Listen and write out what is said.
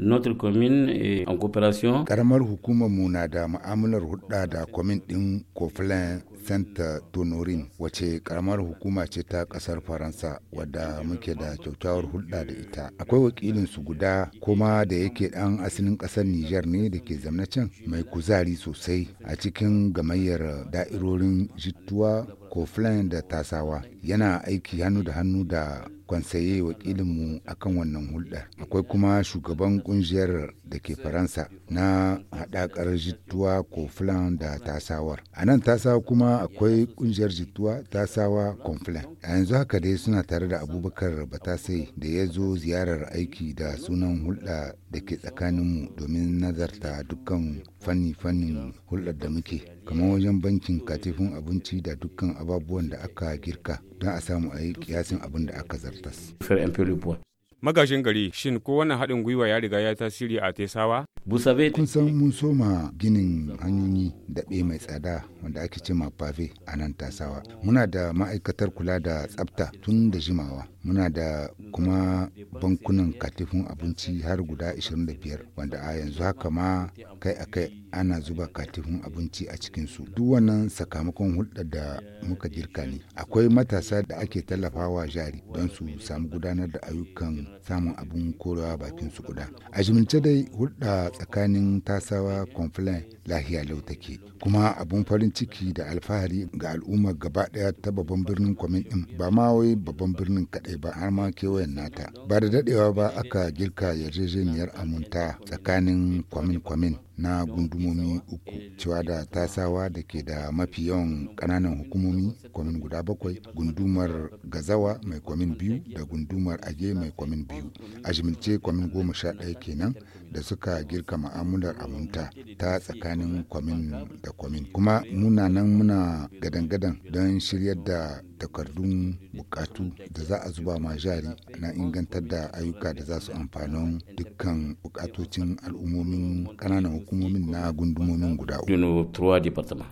Notre commune est en coopération. Karamar hukuma mu na da ma'amalar hudda da komin ɗin Coflin Saint tonorin wace karamar hukuma ce ta ƙasar Faransa wadda muke da kyautawar hulɗa da ita. Akwai wakilin su guda kuma da yake ɗan asalin ƙasar Nijar ne da ke zamna can mai kuzari sosai a cikin gamayyar da'irorin Jittuwa, coflin da Tasawa. Yana aiki hannu da hannu da kwansaye wakilinmu kan wannan hulɗar akwai kuma shugaban ƙungiyar da ke faransa na haɗakar jituwa kofilan da tasawar a nan tasawa kuma akwai ƙungiyar jituwa tasawa konfilan a yanzu haka dai suna tare da abubakar batasai da ya zo ziyarar aiki da sunan hulɗa da ke tsakaninmu domin nazarta dukkan fanni fannin hulɗar da muke kamar wajen bankin katifin abinci da dukkan ababuwan da aka girka don a samu a yi kiyasin abin da aka zartas. Magashin gari shin ko wannan haɗin gwiwa ya riga ya tasiri a Tesawa? kun san mun soma ginin hanyoyi daɓe mai tsada wanda ake ce pave a nan tasawa muna da ma'aikatar kula da tsafta tun da jimawa muna da kuma bankunan katifin abinci har guda 25 wanda a yanzu haka ma kai a kai ana zuba katifin abinci a cikinsu duk wannan sakamakon hulɗa da muka girka ne akwai matasa da ake tallafawa jari don su samu gudanar da ayyukan samun abin korewa bakin su guda a jimince dai hulɗa tsakanin tasawa conflin lahiya lau take kuma abun farin ciki da alfahari ga al'ummar gaba daya ta babban birnin kwamin din ba ma wai babban birnin kadai ba har ma kewayen nata ba da dadewa ba aka girka yarjejeniyar amunta tsakanin kwamin kwamin na gundumomi uku cewa da tasawa da ke da mafi yawan kananan hukumomi kwamin guda bakwai gundumar gazawa mai kwamin biyu da gundumar age mai kwamin biyu a jimince kwamin goma sha ɗaya kenan da suka girka ma'amular amunta ta tsakanin tsakanin kwamin da kwamin kuma muna nan muna gadan-gadan don shiryar da takardun bukatu da za a zuba ma jari na ingantar da ayyuka da za su amfanin dukkan bukatocin al'ummomin kananan hukumomin na gundumomin guda uku.